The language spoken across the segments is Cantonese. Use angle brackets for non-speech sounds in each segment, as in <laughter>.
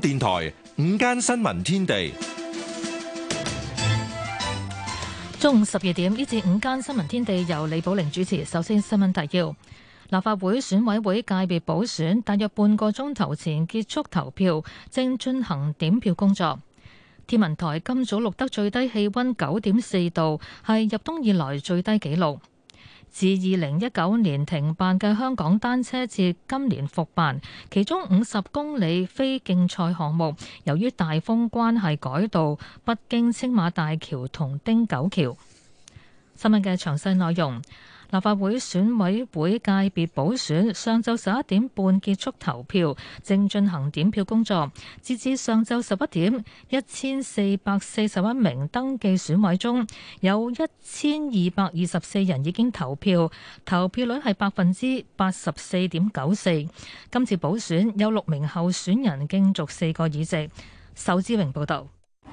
電台午間新聞天地，中午十二點，呢至午間新聞天地由李寶玲主持。首先新聞提要：立法會選委會界別補選，大約半個鐘頭前結束投票，正進行點票工作。天文台今早錄得最低氣溫九點四度，係入冬以來最低紀錄。自二零一九年停辦嘅香港單車節今年復辦，其中五十公里非競賽項目由於大風關係改道，不經青馬大橋同汀九橋。新聞嘅詳細內容。立法會選委會界別補選上晝十一點半結束投票，正進行點票工作。截至上晝十一點，一千四百四十一名登記選委中，有一千二百二十四人已經投票，投票率係百分之八十四點九四。今次補選有六名候選人競逐四個議席。仇志榮報道。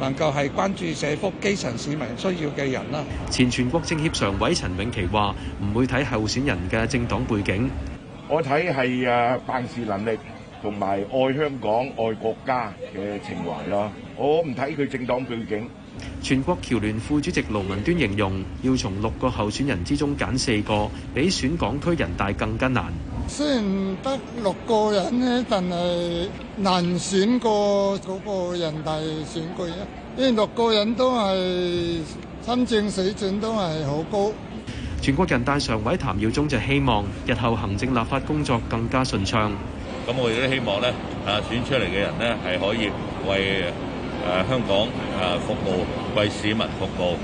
能夠係關注社福、基層市民需要嘅人啦。前全國政協常委陳永琪話：唔會睇候選人嘅政黨背景，我睇係誒辦事能力同埋愛香港、愛國家嘅情懷咯。我唔睇佢政黨背景。全國僑聯副主席盧文端形容，要從六個候選人之中揀四個，比選港區人大更加難。雖然得六個人咧，但係難選過嗰個人大選舉啊！因為六個人都係參政水準都係好高。全國人大常委譚耀宗就希望，日後行政立法工作更加順暢。咁我亦都希望咧，啊選出嚟嘅人咧係可以為誒香港誒服務，為市民服務。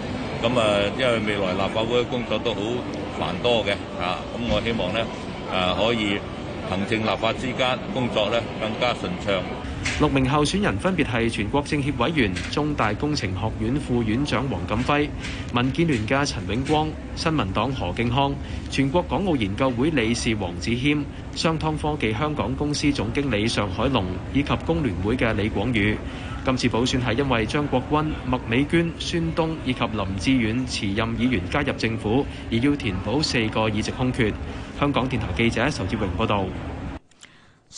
咁啊，因為未來立法會嘅工作都好繁多嘅啊，咁我希望咧。誒可以行政立法之間工作咧，更加順暢。六名候選人分別係全國政協委員、中大工程學院副院長黃錦輝、民建聯嘅陳永光、新民黨何敬康、全國港澳研究會理事王子謙、商湯科技香港公司總經理尚海龍以及工聯會嘅李廣宇。今次補選係因為張國軍、麥美娟、孫東以及林志遠辭任議員加入政府，而要填補四個議席空缺。香港電台記者仇志榮報道。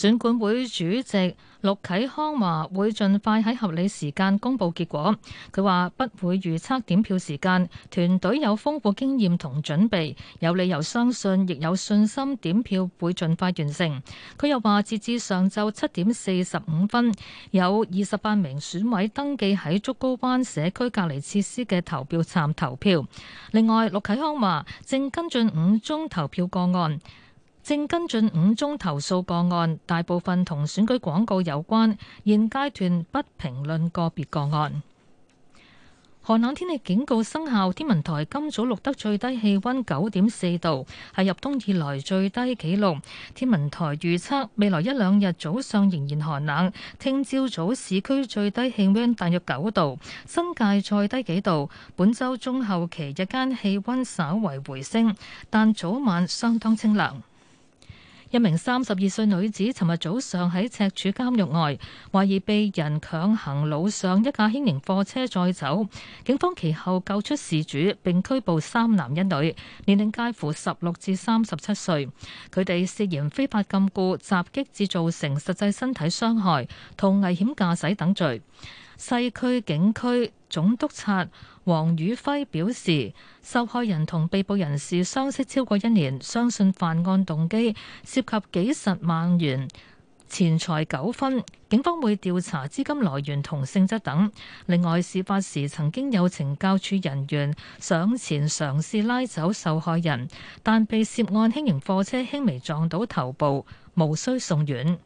選管會主席陸啟康話：會盡快喺合理時間公佈結果。佢話不會預測點票時間，團隊有豐富經驗同準備，有理由相信亦有信心點票會盡快完成。佢又話：截至上晝七點四十五分，有二十八名選委登記喺竹篙灣社區隔離設施嘅投票站投票。另外，陸啟康話正跟進五宗投票個案。正跟進五宗投訴個案，大部分同選舉廣告有關。現階段不評論個別個案。寒冷天氣警告生效。天文台今早錄得最低氣溫九點四度，係入冬以來最低紀錄。天文台預測未來一兩日早上仍然寒冷。聽朝早市區最低氣溫大約九度，新界再低幾度。本周中後期日間氣溫稍為回升，但早晚相當清涼。一名三十二歲女子尋日早上喺赤柱監獄外，懷疑被人強行擄上一架輕型貨車載走。警方其後救出事主，並拘捕三男一女，年齡介乎十六至三十七歲。佢哋涉嫌非法禁錮、襲擊至造成實際身體傷害同危險駕駛等罪。西區警區總督察黃宇輝表示，受害人同被捕人士相識超過一年，相信犯案動機涉及幾十萬元錢財糾紛。警方會調查資金來源同性質等。另外，事發時曾經有懲教署人員上前嘗試拉走受害人，但被涉案輕型貨車輕微撞到頭部，無需送院。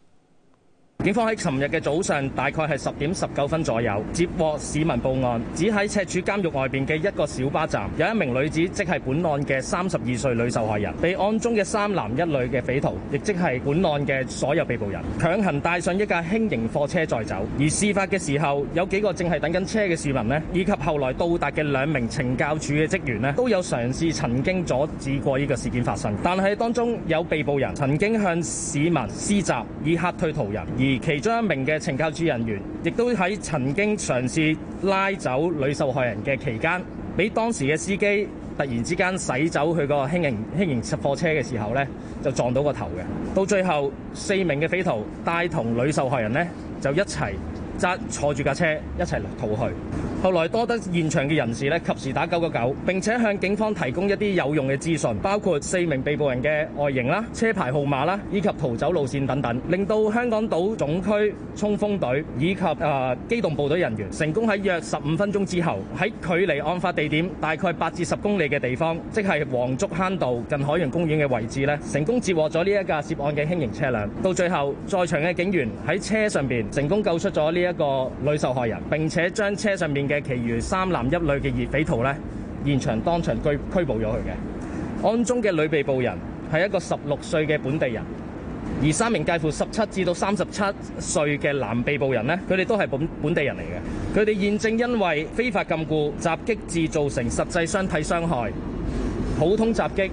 警方喺尋日嘅早上，大概係十點十九分左右接獲市民報案，指喺赤柱監獄外邊嘅一個小巴站，有一名女子，即係本案嘅三十二歲女受害人，被案中嘅三男一女嘅匪徒，亦即係本案嘅所有被捕人，強行帶上一架輕型貨車載走。而事發嘅時候，有幾個正係等緊車嘅市民咧，以及後來到達嘅兩名懲教署嘅職員咧，都有嘗試曾經阻止過呢個事件發生。但係當中有被捕人曾經向市民施襲以，以嚇退途人而。而其中一名嘅懲教署人員亦都喺曾經嘗試拉走女受害人嘅期間，俾當時嘅司機突然之間駛走佢個輕型輕型貨車嘅時候咧，就撞到個頭嘅。到最後，四名嘅匪徒帶同女受害人咧，就一齊揸坐住架車一齊逃去。後來多得現場嘅人士咧，及時打九個九，並且向警方提供一啲有用嘅資訊，包括四名被捕人嘅外形啦、車牌號碼啦，以及逃走路線等等，令到香港島總區衝鋒隊以及啊、呃、機動部隊人員成功喺約十五分鐘之後，喺距離案發地點大概八至十公里嘅地方，即係黃竹坑道近海洋公園嘅位置咧，成功截獲咗呢一架涉案嘅輕型車輛。到最後，在場嘅警員喺車上邊成功救出咗呢一個女受害人，並且將車上面嘅。嘅，其餘三男一女嘅疑匪徒咧，現場當場拘拘捕咗佢嘅。案中嘅女被捕人係一個十六歲嘅本地人，而三名介乎十七至到三十七歲嘅男被捕人咧，佢哋都係本本地人嚟嘅。佢哋現正因為非法禁錮襲擊致造成實際身體傷害、普通襲擊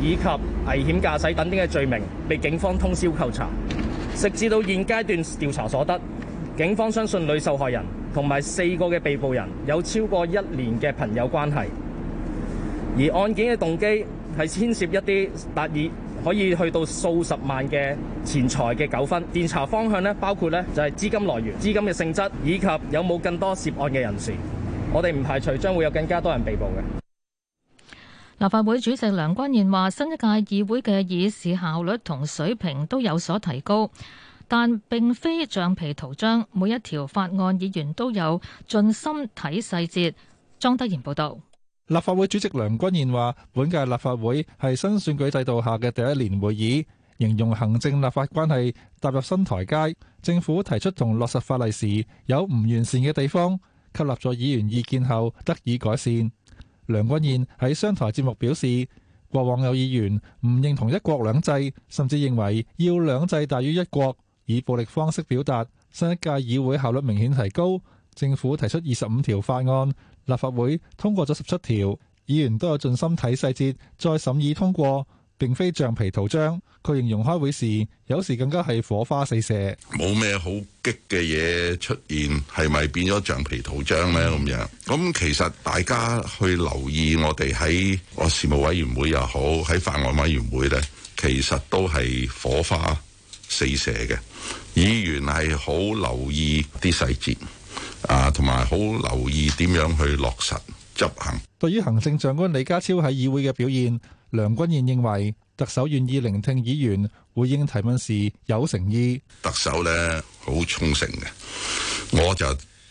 以及危險駕駛等等嘅罪名，被警方通宵扣查。直至到現階段調查所得，警方相信女受害人。同埋四個嘅被捕人有超過一年嘅朋友關係，而案件嘅動機係牽涉一啲達意，可以去到數十萬嘅錢財嘅糾紛。調查方向咧，包括咧就係資金來源、資金嘅性質，以及有冇更多涉案嘅人士。我哋唔排除將會有更加多人被捕嘅。立法會主席梁君彥話，新一屆議會嘅議事效率同水平都有所提高。但並非橡皮圖章，每一條法案，議員都有盡心睇細節。莊德賢報導。立法會主席梁君彥話，本屆立法會係新選舉制度下嘅第一年會議，形容行政立法關係踏入新台階。政府提出同落實法例時，有唔完善嘅地方，吸納咗議員意見後得以改善。梁君彥喺商台節目表示，過往有議員唔認同一國兩制，甚至認為要兩制大於一國。以暴力方式表達，新一屆議會效率明顯提高。政府提出二十五條法案，立法會通過咗十七條，議員都有盡心睇細節，再審議通過，並非橡皮圖章。佢形容開會時有時更加係火花四射，冇咩好激嘅嘢出現，係咪變咗橡皮圖章呢？咁樣咁，其實大家去留意我哋喺我事務委員會又好，喺法案委員會呢，其實都係火花。四射嘅議員係好留意啲細節，啊，同埋好留意點樣去落實執行。對於行政長官李家超喺議會嘅表現，梁君彥認為特首願意聆聽議員回應提問時有誠意。特首呢，好聰醒嘅，我就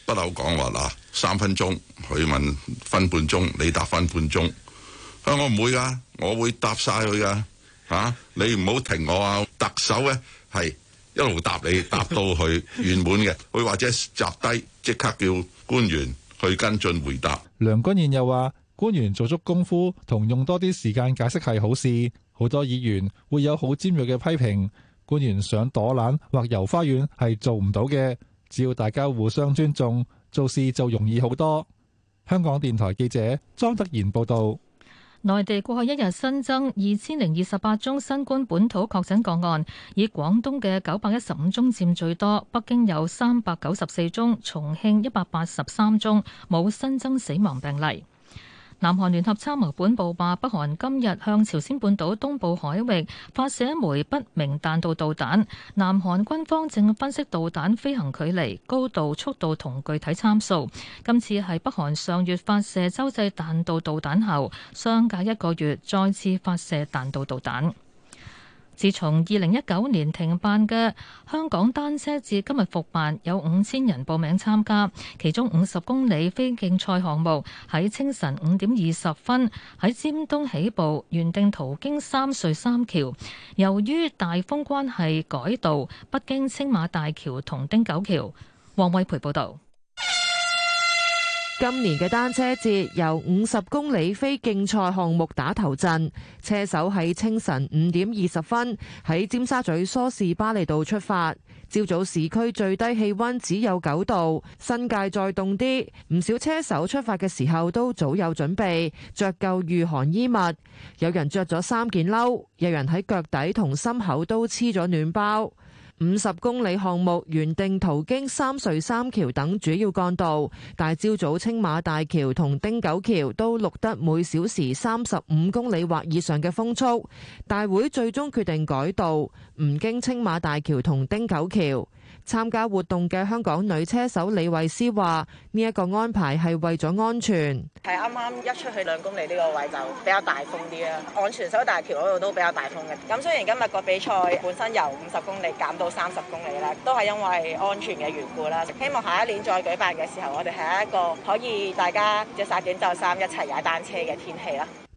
不嬲講話啦。三分鐘佢問分半鐘，你答分半鐘。啊、我唔會噶，我會答晒佢噶。吓、啊，你唔好停我啊！特首嘅。係一路答你答到佢圓滿嘅，佢或者摘低即刻叫官員去跟進回答。梁君彥又話：官員做足功夫同用多啲時間解釋係好事，好多議員會有好尖鋭嘅批評。官員想躲懶或遊花園係做唔到嘅，只要大家互相尊重，做事就容易好多。香港電台記者莊德賢報道。內地過去一日新增二千零二十八宗新冠本土確診個案，以廣東嘅九百一十五宗佔最多，北京有三百九十四宗，重慶一百八十三宗，冇新增死亡病例。南韓聯合參謀本部話，北韓今日向朝鮮半島東部海域發射一枚不明彈道導彈。南韓軍方正分析導彈飛行距離、高度、速度同具體參數。今次係北韓上月發射洲際彈道導彈後，相隔一個月再次發射彈道導彈。自從二零一九年停辦嘅香港單車節今日復辦，有五千人報名參加，其中五十公里非競賽項目喺清晨五點二十分喺尖東起步，原定途經三隧三橋，由於大風關係改道，不經青馬大橋同汀九橋。黃偉培報道。今年嘅單車節由五十公里非競賽項目打頭陣，車手喺清晨五點二十分喺尖沙咀梳士巴利道出發。朝早市區最低氣溫只有九度，新界再凍啲。唔少車手出發嘅時候都早有準備，着夠禦寒衣物。有人着咗三件褸，有人喺腳底同心口都黐咗暖包。五十公里項目原定途經三隧三橋等主要幹道，大朝早青馬大橋同汀九橋都錄得每小時三十五公里或以上嘅風速，大會最終決定改道，唔經青馬大橋同汀九橋。參加活動嘅香港女車手李慧詩話：呢、這、一個安排係為咗安全。係啱啱一出去兩公里呢個位就比較大風啲啦，昂船洲大橋嗰度都比較大風嘅。咁雖然今日個比賽本身由五十公里減到三十公里啦，都係因為安全嘅緣故啦。希望下一年再舉辦嘅時候，我哋係一個可以大家著曬短袖衫一齊踩單車嘅天氣啦。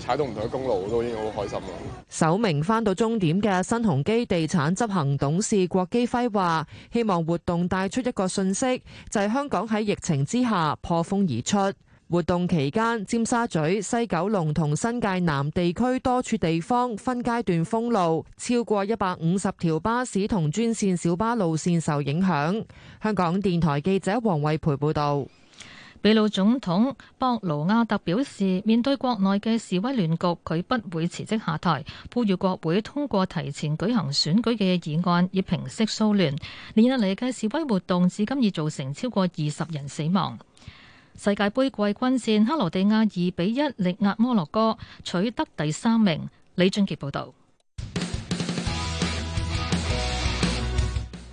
踩到唔同嘅公路，都已經好開心啦！首名返到終點嘅新鴻基地產執行董事郭基輝話，希望活動帶出一個訊息，就係香港喺疫情之下破風而出。活動期間，尖沙咀、西九龍同新界南地區多處地方分階段封路，超過一百五十條巴士同專線小巴路線受影響。香港電台記者黃慧培報道。秘魯總統博盧亞特表示，面對國內嘅示威亂局，佢不會辭職下台，呼籲國會通過提前舉行選舉嘅議案，以平息騷亂。連日嚟嘅示威活動至今已造成超過二十人死亡。世界盃季軍戰，克羅地亞二比一力壓摩洛哥，取得第三名。李俊杰報道。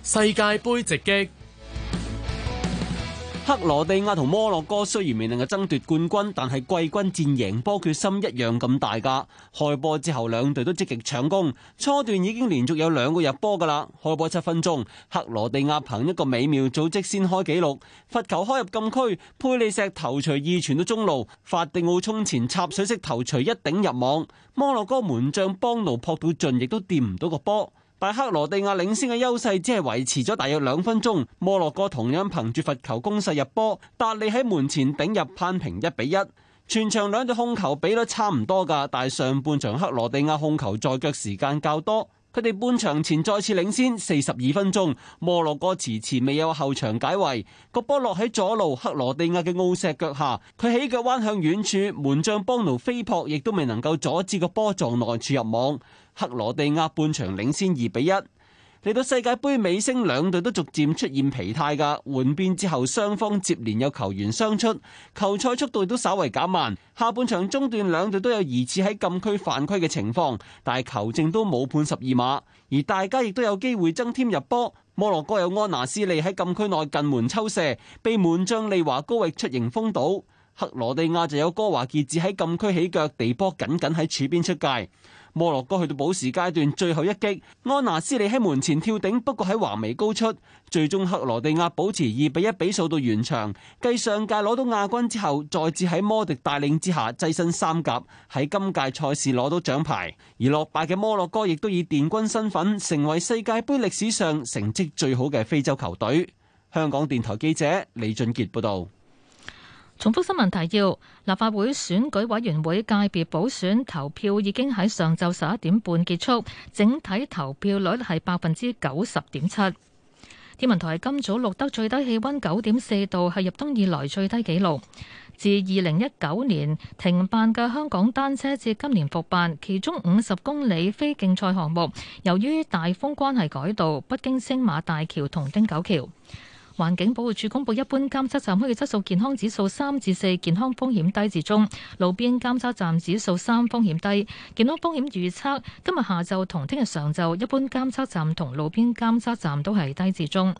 世界盃直擊。克羅地亞同摩洛哥雖然未能夠爭奪冠軍，但係季軍戰贏波決心一樣咁大噶。開波之後，兩隊都積極搶攻，初段已經連續有兩個入波噶啦。開波七分鐘，克羅地亞憑一個美妙組織先開紀錄，罰球開入禁區，佩里石頭錘二傳到中路，法迪奧衝前插水式頭錘一頂入網。摩洛哥門將邦奴撲到盡，亦都掂唔到個波。但克羅地亞領先嘅優勢只係維持咗大約兩分鐘，摩洛哥同樣憑住罰球攻勢入波，達利喺門前頂入扳平一比一。全場兩隊控球比率差唔多噶，但係上半場克羅地亞控球在腳時間較多。佢哋半場前再次領先，四十二分鐘，摩洛哥遲遲未有後場解圍，個波落喺左路克羅地亞嘅奧石腳下，佢起腳彎向遠處，門將邦奴飛撲，亦都未能夠阻止個波撞內柱入網，克羅地亞半場領先二比一。嚟到世界盃尾聲，兩隊都逐漸出現疲態㗎。換邊之後，雙方接連有球員傷出，球賽速度都稍為減慢。下半場中段，兩隊都有疑似喺禁區犯規嘅情況，但係球證都冇判十二碼。而大家亦都有機會增添入波，摩洛哥有安娜斯利喺禁區內近門抽射，被門將利華高域出迎封堵。克羅地亞就有哥華傑子喺禁區起腳地波，僅僅喺柱邊出界。摩洛哥去到補時階段最後一擊，安娜斯利喺門前跳頂，不過喺華眉高出，最終克羅地亞保持二比一比數到完場。繼上屆攞到亞軍之後，再次喺摩迪帶領之下躋身三甲，喺今屆賽事攞到獎牌。而落敗嘅摩洛哥亦都以殿軍身份成為世界杯歷史上成績最好嘅非洲球隊。香港電台記者李俊傑報道。重複新聞提要：立法會選舉委員會界別補選投票已經喺上晝十一點半結束，整體投票率係百分之九十點七。天文台今早錄得最低氣温九點四度，係入冬以來最低紀錄。自二零一九年停辦嘅香港單車節今年復辦，其中五十公里非競賽項目，由於大風關係改道，不經青馬大橋同汀九橋。環境保護署公布一般監測站空氣質素健康指數三至四，健康風險低至中；路邊監測站指數三，風險低。健康風險預測今日下晝同聽日上晝，一般監測站同路邊監測站都係低至中。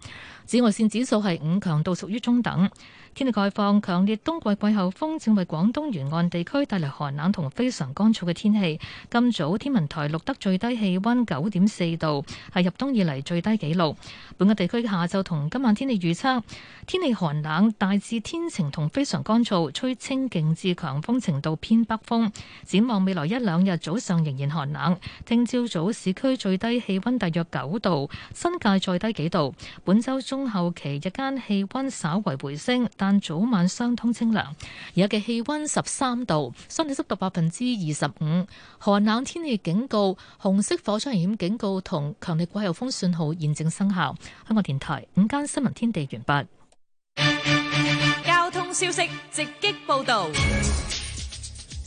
紫外線指數係五，強度屬於中等。天氣概況：強烈冬季季候風正為廣東沿岸地區帶嚟寒冷同非常乾燥嘅天氣。今早天文台錄得最低氣溫九點四度，係入冬以嚟最低紀錄。本港地區下晝同今晚天氣預測：天氣寒冷，大致天晴同非常乾燥，吹清勁至強風程度偏北風。展望未來一兩日早上仍然寒冷，聽朝早市區最低氣溫大約九度，新界再低幾度。本周中後期日間氣溫稍為回升，但早晚相通清涼，而家嘅氣温十三度，相對濕度百分之二十五，寒冷天氣警告、紅色火災危險警告同強烈季候風信號現正生效。香港電台午間新聞天地完畢。交通消息直擊報道。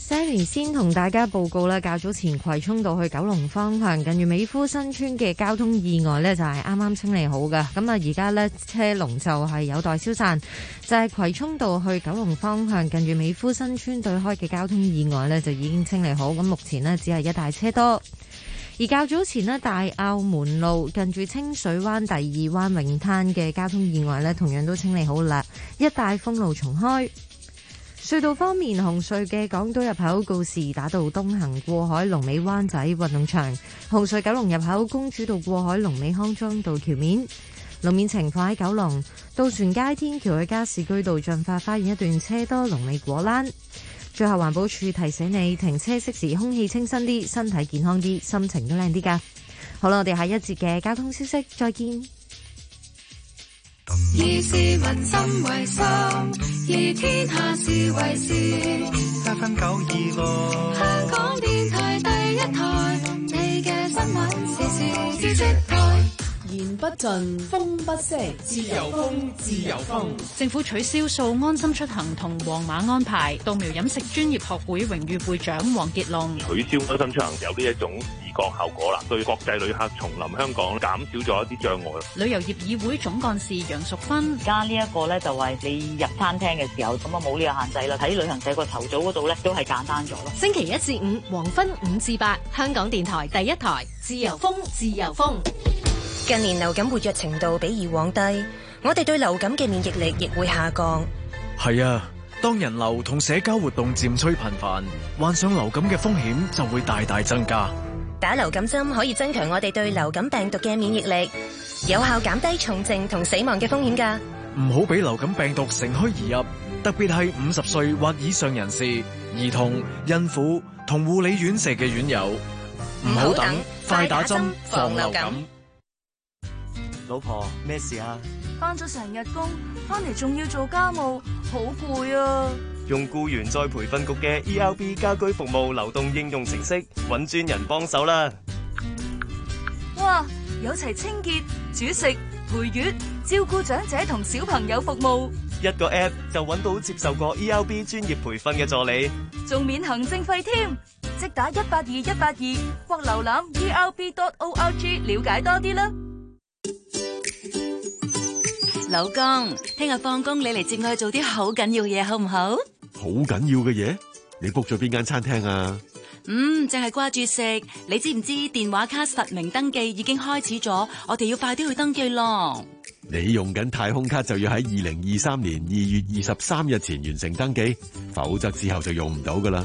Jenny 先同大家報告咧，較早前葵涌道去九龍方向近住美孚新村嘅交通意外呢，就係啱啱清理好嘅。咁啊，而家呢車龍就係有待消散。就係葵涌道去九龍方向近住美孚新村對開嘅交通意外呢，就已經清理好。咁目前呢，只係一帶車多。而較早前呢，大澳門路近住清水灣第二灣泳灘嘅交通意外呢，同樣都清理好啦，一帶封路重開。隧道方面，紅隧嘅港島入口告士打道東行過海，龍尾灣仔運動場；紅隧九龍入口公主道過海，龍尾康莊道橋面。路面情況喺九龍渡船街天橋嘅加士居道進化花園一段車多，龍尾果欄。最後，環保署提醒你停車熄匙，空氣清新啲，身體健康啲，心情都靚啲㗎。好啦，我哋下一節嘅交通消息，再見。以市民心為心。而天下事為事，七分九二六，香港電台第一台，你嘅新聞時事資訊。不盡風不息，自由風，自由風。政府取消數安心出行同黃碼安排。稻苗飲食專業學會榮譽會長黃傑龍，取消安心出行有呢一種視覺效果啦，對國際旅客重臨香港減少咗一啲障礙。旅遊業議會總幹事楊淑芬，加呢一個咧，就係、是、你入餐廳嘅時候咁啊，冇呢個限制啦。睇旅行社個頭早嗰度咧都係簡單咗咯。星期一至五黃昏五至八，香港電台第一台，自由風，自由風。近年流感活躍程度比以往低，我哋對流感嘅免疫力亦會下降。係啊，當人流同社交活動漸趨頻繁，患上流感嘅風險就會大大增加。打流感針可以增強我哋對流感病毒嘅免疫力，有效減低重症同死亡嘅風險噶。唔好俾流感病毒乘虛而入，特別係五十歲或以上人士、兒童、孕婦同護理院舍嘅院友。唔好等，快打針，防流感。老婆，咩事啊？翻咗成日工，翻嚟仲要做家務，好攰啊！用僱員再培訓局嘅 ERB 家居服務流動應用程式，揾專人幫手啦！哇，有齊清潔、煮食、陪月、照顧長者同小朋友服務，一個 app 就揾到接受過 ERB 專業培訓嘅助理，仲免行政費添！即打一八二一八二或瀏覽 ERB dot org 了解多啲啦。老公，聽日放工你嚟接我去做啲好緊要嘅嘢，好唔好？好緊要嘅嘢，你 book 咗邊間餐廳啊？嗯，淨係掛住食。你知唔知電話卡實名登記已經開始咗？我哋要快啲去登記咯。你用緊太空卡就要喺二零二三年二月二十三日前完成登記，否則之後就用唔到噶啦。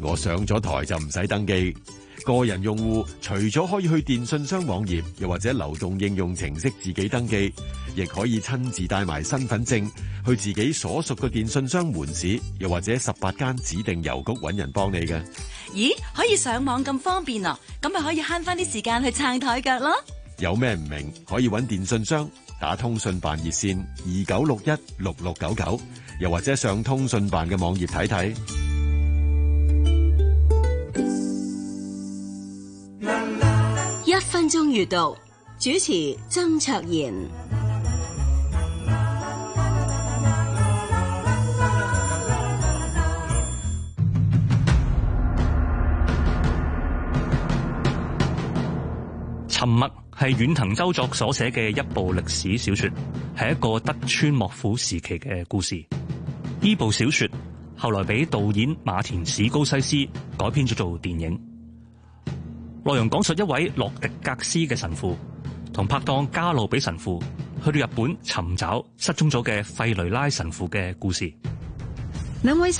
我上咗台就唔使登記。個人用戶除咗可以去電信商網頁，又或者流動應用程式自己登記，亦可以親自帶埋身份證去自己所屬嘅電信商門市，又或者十八間指定郵局搵人幫你嘅。咦，可以上網咁方便啊！咁咪可以慳翻啲時間去撐台腳咯。有咩唔明可以揾電信商打通訊辦熱線二九六一六六九九，又或者上通訊辦嘅網頁睇睇。分鐘閱讀主持曾卓然。沉默係遠藤周作所寫嘅一部歷史小說，係一個德川幕府時期嘅故事。呢部小說後來俾導演馬田史高西斯改編咗做電影。內容講述一位洛迪格斯嘅神父同拍檔加路比神父去到日本尋找失蹤咗嘅費雷拉神父嘅故事。兩位。 <noise>